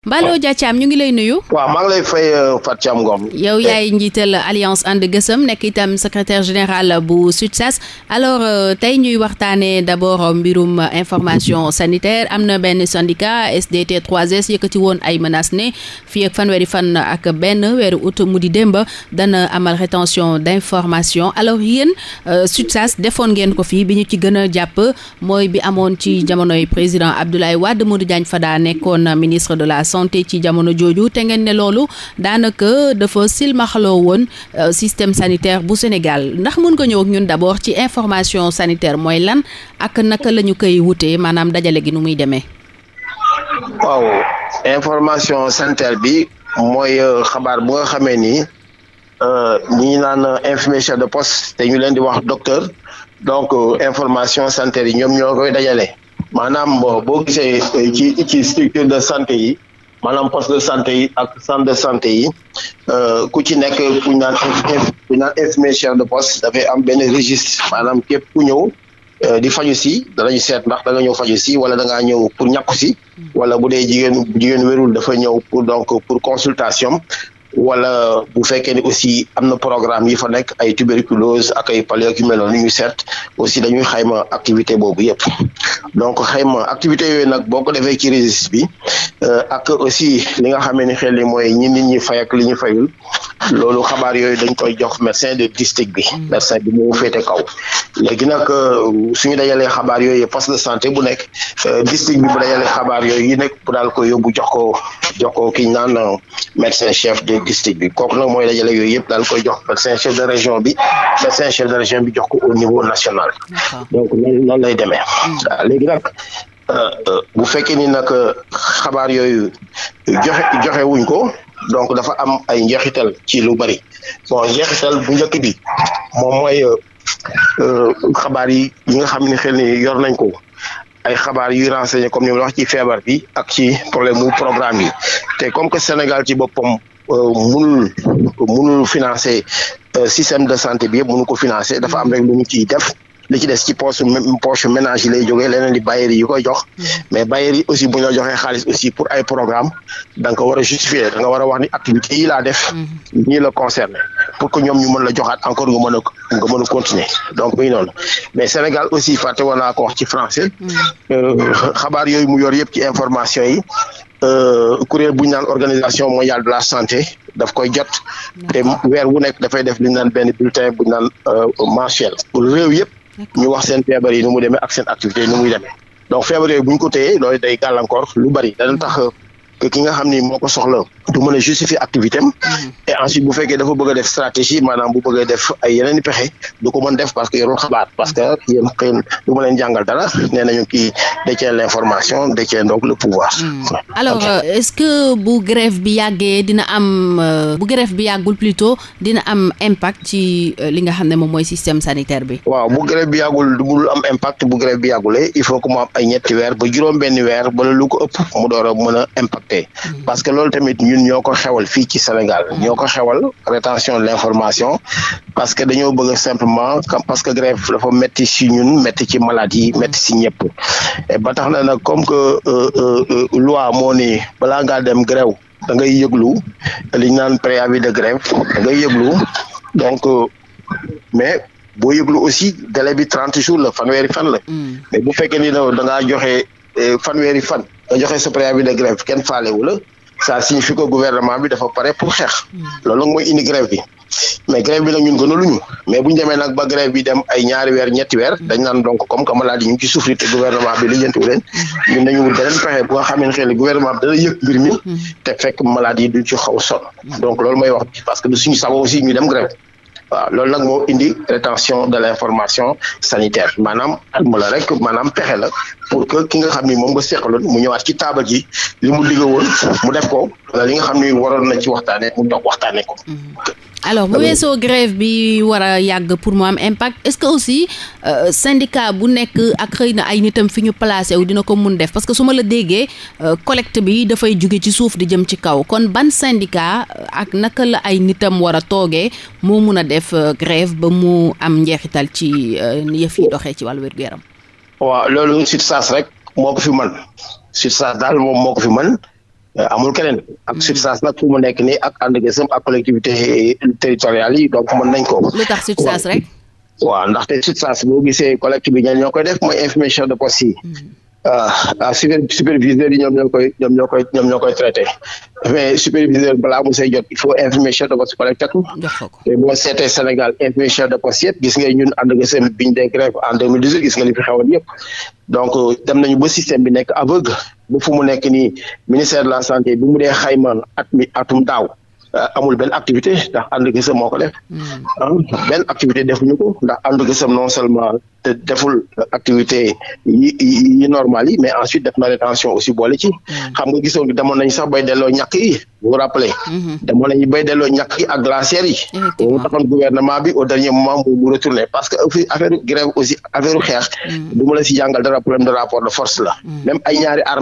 Mballo Dia Thiam ñu ngi lay nuyu. waaw maa fay euh, Fatou Thiam Ngom. yow eh. yaay njiital alliance ànd gësëm nekk itam secretaire général bu SUTSAS alors euh, tey ñuy waxtaanee d' abord mbirum information sanitaire am na benn syndicat SDT 3S yëkkati woon ay menaces ne fii fanweeri fan ak benn weeru août mu di démb dana amal rétention d' information alors yéen euh, SUTSAS defoon ngeen ko fii bi ñu ci gën a jàpp mooy bi amoon ci jamonoy président Abdoulaye Wade Modou Diagne Fada nekkoon ministre de la. santé ci jamono jooju te ngeen ne loolu daanaka dafa silmaxloo woon euh, système sanitaire bu Sénégal ndax mën ko ñëw ak ñun d'abord ci information sanitaire mooy lan ak naka la ñu koy wutee maanaam dajale gi nu muy demee. waaw information sanitaire bi mooy euh, xabaar bu nga xamee ni euh, ñi naan infirmier de post te ñu leen di wax docteur donc information sanitaire yi ñoom ñoo koy dajale maanaam boo gisee ci ci de santé yi. maanaam poste de santé yi ak centre de santé yi euh, ku ci nekk ku ñu naan ku ñu naan de poste dafay am benn registre maanaam képp ku ñëw euh, di faju si danañu seet ndax da nga ñëw faju si wala da ñëw pour ñàkku si wala bu dee jigéen jigéen wérul dafa ñëw pour donc pour consultation wala bu fekkee ne aussi am na programme yi fa nekk ay tuberculose ak ay palio yu mel noonu ñu aussi dañuy xayma activité boobu yëpp donc xayma activité yooyu nag boo ko defee ci registre bi euh, ak aussi li nga xamee ne xel li mooy ñi nit ñi fay ak li ñu fayul loolu xabaar yooyu dañ koy jox médecin de district bi mm. médecin bi mu féete kaw léegi nag euh, suñu dajalee xabaar yooyu poste de santé bu nekk euh, district bi bu dajalee xabaar yooyu yi nekk bu daal ko yóbbu jox ko jox ko ki ñu naan euh, médecin chef de district bi kooku nag mooy dajale yooyu yëpp daal koy jox médecin chef de région bi médecin chef de région bi jox ko au niveau national donc noonu lay demee mm. waaw léegi nag bu fekkee ni nag xabaar yooyu joxe joxe wuñ ko donc dafa am ay njeexital ci lu bari bon njeexital bu njëkk bi moom mooy euh, xabaar yi yi nga xam ne xel ni yor nañ ko ay xabaar yuy renseigné comme ni ma wax ci feebar bi ak ci problème mu programme yi te comme que Sénégal ci boppam euh, munul mënul financer euh, système de santé bi yëpp mënu ko financer dafa am rek lu ñu ciy def. li ci des ci poche poche ménage yi lay jógee leneen di bailleurs yi koy jox mm-hmm. mais bailleurs yi aussi bu ñu la joxee xaalis aussi pour ay programme danga nga ko war a justifier da wax ni activité yi laa def ñii mm-hmm. la concerné pour que ñom ñu mën la joxaat encore nga mën a nga mën a continuer donc muy noonu mais Sénégal aussi fàtte woon naa ko wax ci français mm-hmm. euh, xabaar yooyu mu yor yëpp ci information yi euh, kuréel bu ñu naan organisation mondiale de la santé daf koy jot weer wu nekk dafay def li ñu naan benn bulletin bu ñu naan euh, mensuel pour yëpp ñu wax seen feebar yi nu mu demee ak seen activité yi nu muy demee donc feebar yooyu bu ñu ko téyee loolu day gàllankoor lu bari dana tax ki nga xam ni moo ko soxla du mën a justifier activité am mm-hmm. et ensuite bu fekkee dafa bëgg a def stratégie maanaam bu bëggee def ay yeneen i pexe du ko mën def parce que yorul xabaar parce que mm-hmm. yéen xëy na du ma leen jàngal dala nee nañu kii détient l'information détient donc le pouvoir. Mm-hmm. alors euh, est-ce que bu grève bi yàggee dina am euh, bu grève bi yàggul plutôt dina am impact ci euh, li nga xam ne moom mooy système sanitaire bi. waaw bu grève bi yàggul du am impact bu grève bi yàggulee il faut que mu am ay ñetti weer ba juróom-benn weer bala lu ko ëpp mu door a a impacter ñun ñoo ko xewal fii ci Sénégal mhm. ñoo ko xewal rétention de l'information parce que dañoo bëgg simplement parce que grève dafa métti si ñun métti ci malade yi mhm. métti si ñëpp ba na nag comme que euh, euh, euh, loi moo ni balaa ngaa dem grève da ngay yëglu li ñu naan préavis de grève da yëglu donc mais boo yëglu aussi délai bi trente jours la fanweeri fan la mm. mais bu fekkee ni da ngaa joxe fanweeri fan nga joxe sa préavis de grève kenn faalewu la ça signifie que gouvernement bi a pare pour xeex loolu nag mooy indi grève bi mais grève bi nag ñun gën a luñu mais bu ñu ba grève bi dem ay ñaari weer ñetti weer dañ naan donc comme que malade ñu ci souffrir te gouvernement bi lijjantiwu leen ñun dañu wut beneen pexe bu nga xam ne gouvernement bi dana yëg mbir mi te fekk malade yi ci xaw sonn donc loolu mooy wax parce que du suñu sabo aussi ñu dem grève waaw loolu nag moo indi rétention de l' information sanitaire maanaam mu la rek maanaam pexe la pour que ki nga xam ni moom nga seqaloon mu ñëwaat ci taabal ji li mu liggéeyoon mu def ko wala li nga xam ne waroon na ci waxtaanee mu toog waxtaanee ko. Mhm. alors bu weesoo grève bi war a yàgg pour mu am impact est-ce que aussi euh, syndicat bu nekk ak xëy na ay nitam fi ñu placé wu dina ko mun def parce que su ma la déggee euh, collecte bi dafay jóge ci suuf di jëm ci kaw kon ban syndicat euh, ak naka la ay nitam war a toogee moo mun a def euh, grève ba mu am njeexital ci yëf yi doxee ci wàllu wér-gu-yaram. rek moo ko fi mën SUTSAS daal moom moo ko fi mën. Euh, amul keneen ak hmm. substance nag fu mu nekk nii ak ànd gësëm ak collectivité euh, territoriales yi donc mën nañ ko. lu tax substance rek. waaw ndaxte substance boo gisee collecte bi ñoom ñoo koy def mooy information de poste yi. ah superviseurs yi ñoom ñoo koy ñoom ñoo koy ñoom ñoo koy traité mais superviseur balaa mu see jot il faut information de poste collecté ko. te boo seetee Sénégal information de poste yëpp gis nga ñun ànd nga seen biñ dee grève en deux mille dix huit gis nga li fi xewoon yëpp donc dem nañu ba système bi nekk aveugle. ba fu mu nekk nii ministère de la santé bi mu dee xayma at mi atum daaw Euh, amul benn activité ndax ànd gisam moo ko def hmm. ah, benn activité defuñu ko ndax ànd seulement deful activité yi yi normal yi mais ensuite def na rétention aussi boole ci hmm. xam nga gisoon demoon nañ sax bay delloo ñàkk yi vous rappelez hmm. yi ak glacière yi mu taxoon gouvernement bi au dernier moment mu mu retourné parce que aussi affaire grève aussi affaire xeex la si jàngal dara la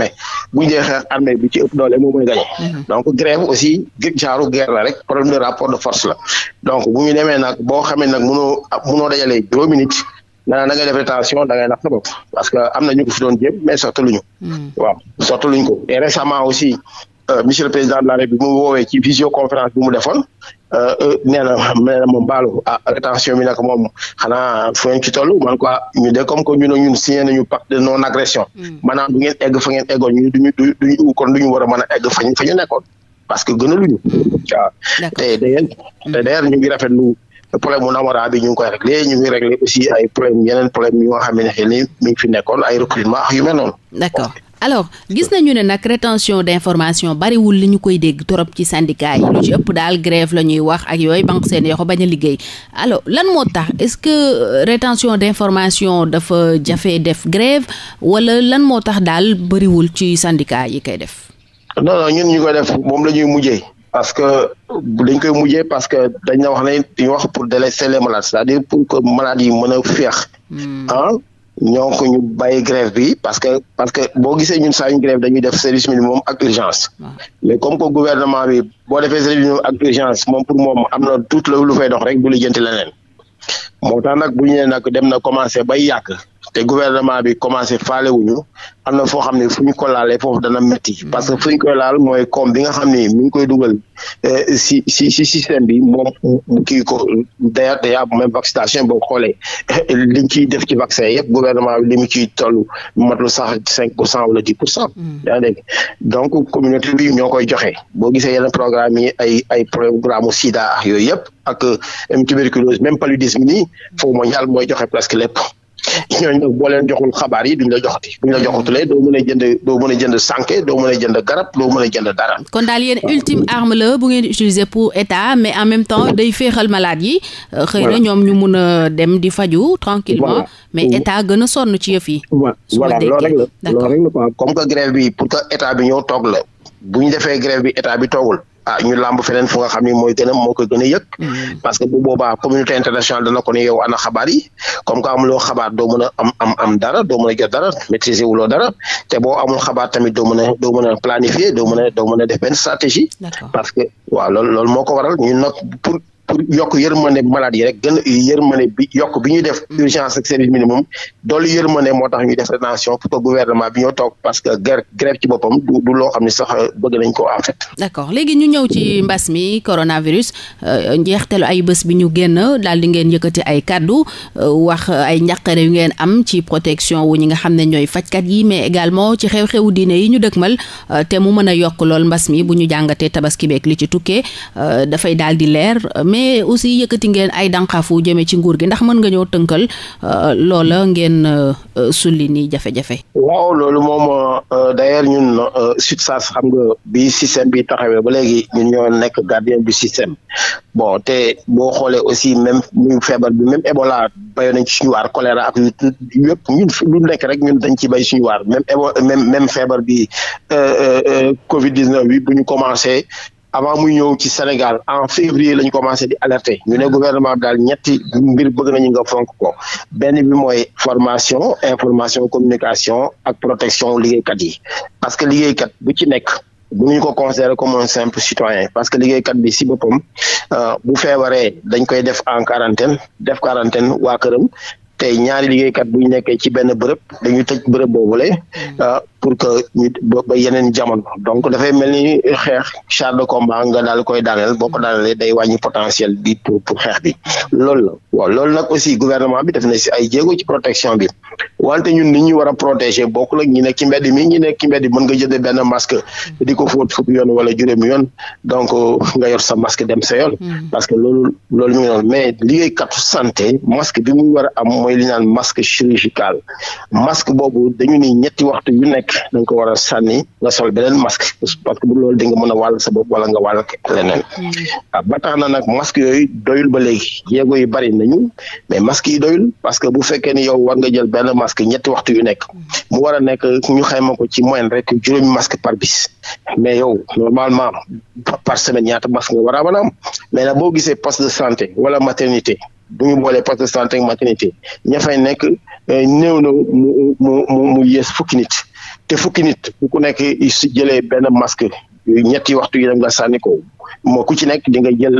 même bu ñu dee xeex ci ëpp doole moom donc grève aussi genre guerre la rek problème de rapport de force la donc bu demee nag boo xamee nag mënoo mënoo dajale juróomi nit nga naan da ngay def rétention da ngay nax sa bopp parce que am ñu ko fi doon jéem mais sottaluñu. Hmm. waaw sottaluñu ko et euh, de la République ñu de ñu ne de non agression. Hmm. maanaam du ngeen egg fa ngeen eggoon ñu duñu duñu kon duñu war a mën a egg fa ñu fa ñu nekkoon parce que gënaluñu ca te d'ailleurs te d'ailleurs ñu ngi rafetlu problème mu namara bi ñu ngi koy réglé ñu ngi réglé aussi ay problème yeneen problème yu nga xam ne ni mi ngi fi nekkoon ay recrutement yu mel noonu d'accord alors gis nañu ne nag rétention d'information bariwul li ñu koy dégg torop ci sandika yi lu ci ëpp daal grève la ñuy wax ak yooyu banque seen yoxo bañ a liggéey alors lan moo tax est-ce que euh, rétention d'information dafa jafe def grève wala lan moo tax daal bariwul ci syndicat yi koy def non non ñun ñu koy def moom la ñuy mujjee parce que dañ koy mujje parce que dañ la wax na dañu wax pour délaisser les malades c'est-à-dire pour que malades yi mën a féex hmm. ah ñoo ko ñu bàyyi grève bi parce que parce que boo gisee ñun saa ñu grève dañuy def service mi moom ak urgence ah. mais comme que gouvernement bi boo defee service ak urgence moom pour moom am na tout lu fay dox rek du lijjanti leneen moo tax nag bu ñu nee nag dem na commencé bay yàq te gouvernement bi commencé faale wuñu am na foo xam ne fu ñu ko laalee foofu dana métti mm-hmm. parce que fu ñu koy laal mooy koom bi nga xam ne mi ngi koy dugal eh, si si si système bi moom kii ko d'ailleurs d'ailleurs même vaccination boo xoolee liñ ciy def ci vaccin yëpp gouvernement bi li mu ciy toll matul sax cinq pour cent wala dix pour cent mm-hmm. donc communauté bi ñoo koy joxe boo gisee yeneen programme yi ay ay programme sida yooyu yëpp ak euh, même tuberculose même paludisme nii foo mondial mooy joxe presque lépp ñooñu nag boo leen joxul xabaar yi duñ la joxati duñ la joxatulee doo mën a jënd doo mën a jënd sànke doo mën a jënd garab doo mën a jënd dara. kon daal yéen ultime arme la bu ngeen utiliser pour état mais en même temps day féexal malaat yi. Euh, xëy na ñoom ñu mën a dem di faju tranquillement mais état gën a sonn ci yëf yi. su ma déggee voilà loolu rek la loolu rek la comme que grève bi pour que état bi ñëw toog la bu ñu defee grève bi état bi toogul. ah ñu làmb feneen fu nga xam ni mooy gën a moo ko gën a yëg mm. parce que bo boobaa communauté internationale dana ko ne yow ana xabaar yi comme que amuloo xabaar doo mën a am am am dara doo mën te boo amul xabaar tamit doo mën a planifier doo mën a doo mën stratégie parce que waaw loolu loolu moo waral ñu pour yokk yërmande malade yi rek gën a yokk bi ñuy def mm. urgence ak service minimum doolu yërmande moo tax ñu def rétention pour que gouvernement bi ñoo toog parce que grève grève ci boppam du loo xam ne sax euh, bëgg nañ ko en fait. léegi ñu ñëw ci mbas mi coronavirus euh, njeexteelu ay bés bi ñu génn daal di ngeen yëkkati ay kaddu euh, wax ay njàqare yu ngeen am ci protection wu ñi nga xam ne ñooy fajkat yi mais également ci xew xew diine yi ñu mal te mu mën a yokk lool mbas mi bu ñu jàngatee tabaski beeg li ci tukkee dafay daal di leer. mais aussi yëkkati ngeen ay dànqaafu jëmee ci nguur gi ndax mën nga ñoo tënkal euh, loola ngeen euh, sulli ni jafe-jafe. waaw loolu moom euh, d'ailleurs ñun SUTSAS xam nga bi système bi taxawee ba léegi ñun ñoo nekk gardien du système bon te boo xoolee aussi même muy feebar bi même Ebola béyoon nañ ci suñu waar choléra ak yëpp ñun lu nekk rek ñun dañ ci bay suñu waar même Ebola même feebar bi Covid 19 bi bu ñu commencé. avant muy ñëw ci Sénégal en février la ñu commencé di alerter ñu ne gouvernement daal ñetti mbir bëgg nañu nga fonk ko benn bi mooy formation information communication ak protection liggéey kat yi parce que liggéeykat bu ci nekk bu ñu ko considérer comme un simple citoyen parce que liggéeykat bi si boppam euh, bu feebaree dañ koy def en quarantaine def quarantaine waa këram tey ñaari liggéeykat bu ñu nekkee ci benn bërëb dañuy tëj bërëb boobule mm. euh, pour que ñu ba yeneen jamono donc dafay mel ni xeex char de combat nga daal koy daaneel boo ko daanelee day wàññi potentiel bi pour pour xeex bi loolu la waaw loolu nag aussi gouvernement bi def na si ay jéego ci protection bi wante ñun ni ñu war a protéger bokkul ak ñi nekk a mbedd mi ñi nekk ci benn masque di ko fóot yoon wala juróomi yoon donc nga yor sa masque dem sa yoon mm. parce que loolu mi ngi noonu mais liggéeykatu santé masque bi muy war a am mooy li naan masque chirurgical masque boobu dañu dañ ko war a sànni nga sol beneen masque parce que bu nga mën a wàll sa wala nga leneen mm. ba tax nag masque yooyu doyul ba léegi jéego yi bari nañu mais masque doyul parce que bu fekkee ni yow war nga jël benn masque ñetti waxtu yu nekk mu war a nekk ñu xayma ko ci moyenne rek juróomi masque par bis mais yow normalement par semaine ñaata masque nga war a mën a mais nag boo gisee poste de santé wala maternité bu boolee poste de santé maternité ña nekk Eh, néew na mu mu mu yées fukki nit te fukki nit ku nekk si jëlee benn masque ñetti waxtu yi dem nga sànni ko moo ku ci nekk di nga jël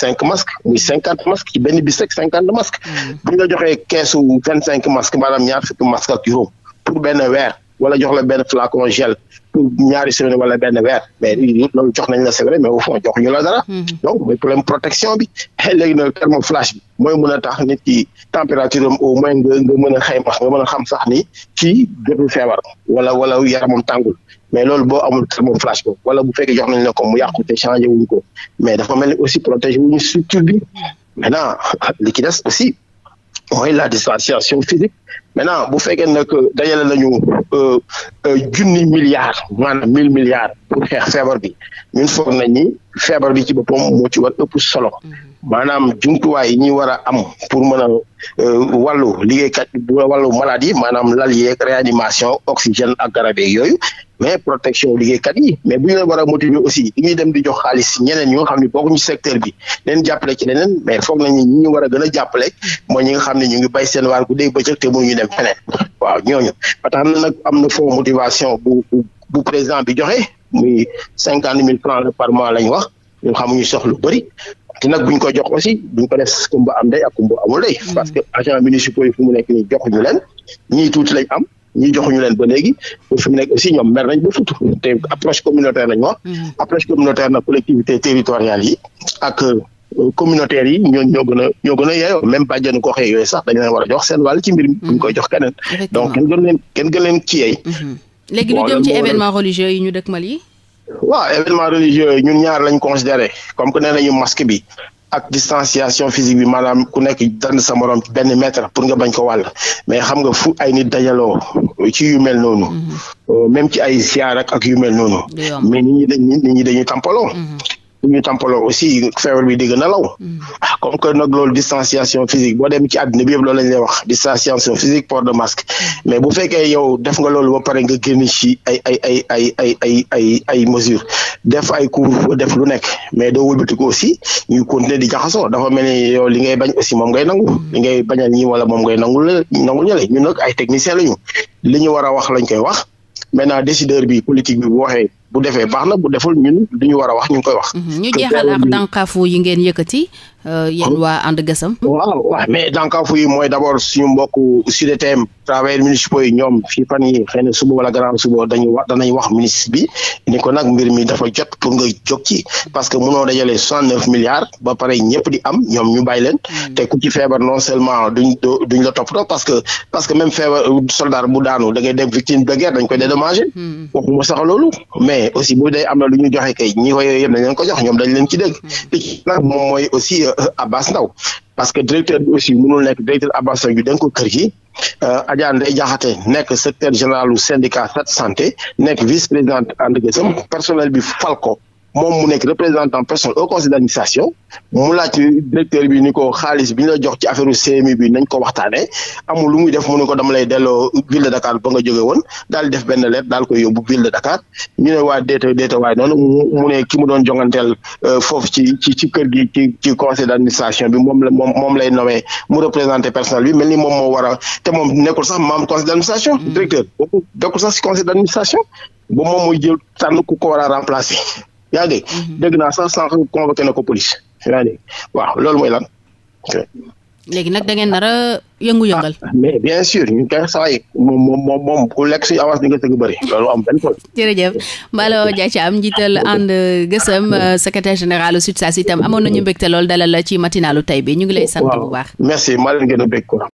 cinq masques muy cinquante masques ci benn bis rek cinquante masques mm. bu nga joxee keesu vingt cinq masques maanaam ñaar fukki masques ak juróom pour benn weer wala jox la benn flacon gel ñaari semaine wala benn weer mais loolu jox nañ la c'est vrai mais au fond a ñu la dara hmm. donc mooy problème protection bi léegi nag thermoflash bi mooy mën a tax nit ki température am au moins nga a mën a nga mën a xam sax ni ci jotul feebar wala wala yaramam tàngul mais loolu boo amul thermoflash ko wala bu fekkee jox la ko mu yàqu te changé wuñ ko mais dafa mel ni aussi protéger wuñu structure bi hmm. maintenant li ci aussi mooy la distanciation physique maintenant bu fekkee nag dajale nañu euh, euh, junni milliards maanaam mille milliards pour xeex feebar bi ñun foog nañ ni feebar bi ci boppam moo ci war ëpp solo mm-hmm. maanaam jumtuwaay yi ñuy war a am pour mën a euh, wàllu liggéeykat wàllu maladie maanaam lal yeeg réanimation oxygène ak garab yooyu mais protection liggéeykat yi mais bu ñu leen war a motiver aussi ñuy dem di jox xaalis ñeneen ñoo xam ne bokkuñu secteur bi leen jàppale ci leneen mais foog nañu ñi ñu war a gën a jàppale ñi nga xam ne ñu ngi bay seen waar gu dégg bëccëg te mënuñu dem feneen waaw ñooñu ba tax na nag am na foo motivation bu bu président bi joxe muy cinquante mille francs par mois lañ wax ñu xamuñu soxlu bëri te nag buñ ko jox aussi buñ ko def kumba am day ak kumba amul mm. parce que agent municipaux yi fu mu nekk nii joxuñu len ñii tuuti lañ am ñi joxuñu leen ba léegi ba fi mu nekk aussi ñoom mer nañ ba futu te approche communautaire lañ wax mm-hmm. approche communautaire na collectivité territoriale yi ak euh, communautaire yi ñoo ñoo a ñoo gën a yaayoo même bàjjenu gox yooyu sax dañ leen war a jox seen wàll ci mbir mi koy jox keneen donc kenn gën leen mm-hmm. ci yey religieux yi ñu dëkkmal yi waaw événement religieux yi ñun ñaar lañ considéré comme que nañu masque bi ak distanciation physique bi maanaam ku nekk dand sa morom benn mètre pour nga bañ ko wàll mais xam nga fu ay nit dajaloo ci yu mel noonu mhm. euh, même ci ay ziar ak yu mel noonu mais nit ñi dañ nit ñi dañuy tampaloo mhm. ñu tampaloo aussi feebar bi di gën a law mhm. ah, comme que nag loolu distanciation physique boo dem ci àddina bi yëpp loolu lañ lay wax distanciation physique port de masque mais bu fekkee yow def nga loolu ba pare nga génn ci ay ay ay ay ay ay ay ay mesure def ay couvre def lu nekk mais doo wëlbatiku aussi ñu continuer di jaxasoo dafa mel ni yow li ngay bañ aussi moom ngay nangu hmm. li ngay bañal ñi wala moom ngay nangul nangu ñële ñun nag ay technicien lañu li ñu war a wax lañ koy wax maintenant décideur bi politique bi bu bu defee baax na bu deful ñun du ñu war a wax ñu ngi koy wax. Mhm. ñu jeexal ak dànkaafu yi ngeen yëkkati. Euh, yéen waa ànd gësam. waaw waaw mais dànkaafu yi mooy d' abord suñu mbokku SUDTM travailleurs municipaux yi ñoom fii fan yi xëy na suba wala gannaaw suba dañuy wax danañ wax ministre bi ni ko nag mbir mi dafa jot pour nga jóg ci parce que mënoo dajale soixante neuf milliards ba pare ñëpp di am ñoom ñu bàyyi leen. Hmm. te ku ci feebar non seulement duñ duñ la toppatoo parce que parce que même feebar soldat bu da ngay dem victime de guerre dañ koy mais aussi bu dee am na lu ñu joxe kay ñi ko yooyu yëpp ko jox ñoom dañ leen ci dégg hmm. li ci nag moom mooy aussi euh, Abbas Ndaw parce que directeur bi aussi mënul nekk directeur Abbas Ndaw ñu dénk ko kër gi euh, Adja Ndeye Diakhaté nekk secrétaire général du syndicat Sat Santé nekk vice présidente And Gueusseum personnel bi fal ko moom mu nekk représentant personnel au conseil d' administration mu laaj directeur bi ni ko xaalis bi ñu la jox ci affaire CMU bi nañ ko waxtaane amul lu muy def mu ne ko dama lay delloo ville de Dakar ba nga jóge woon daal def benn leer daal koy yóbbu ville de Dakar ñu ne waa déeta déeta waaye noonu mu ne ki mu doon jonganteel euh, foofu ci ci ci kër gi ci ci conseil d' administration bi moom la moom moom lay nommé mu représenté personnel bi mel ni moom moo war a te moom nekkul sax membre conseil d' administration mm. directeur nekkul sax si conseil d' administration ba moom mooy tànn ku ko war a remplacer yaa ngi dégg. Mhm. dégg naa sax sànq convoqué na ko police yaa waaw loolu mooy lan. léegi nag da ngeen nar a yëngu-yëngal. Ah, mais bien sûr ñu koy saa yi moom moom moom ku lekk si avance di nga sëg bëri loolu am benn problème. jërëjëf Mballo Dia Thiam njiital ànd gësëm euh, secrétaire général SUTSAS itam amoon nañu mbégte lool dalal la ci matinalu tey bi ñu ngi lay sant bu baax. merci maa leen gën a bég quoi.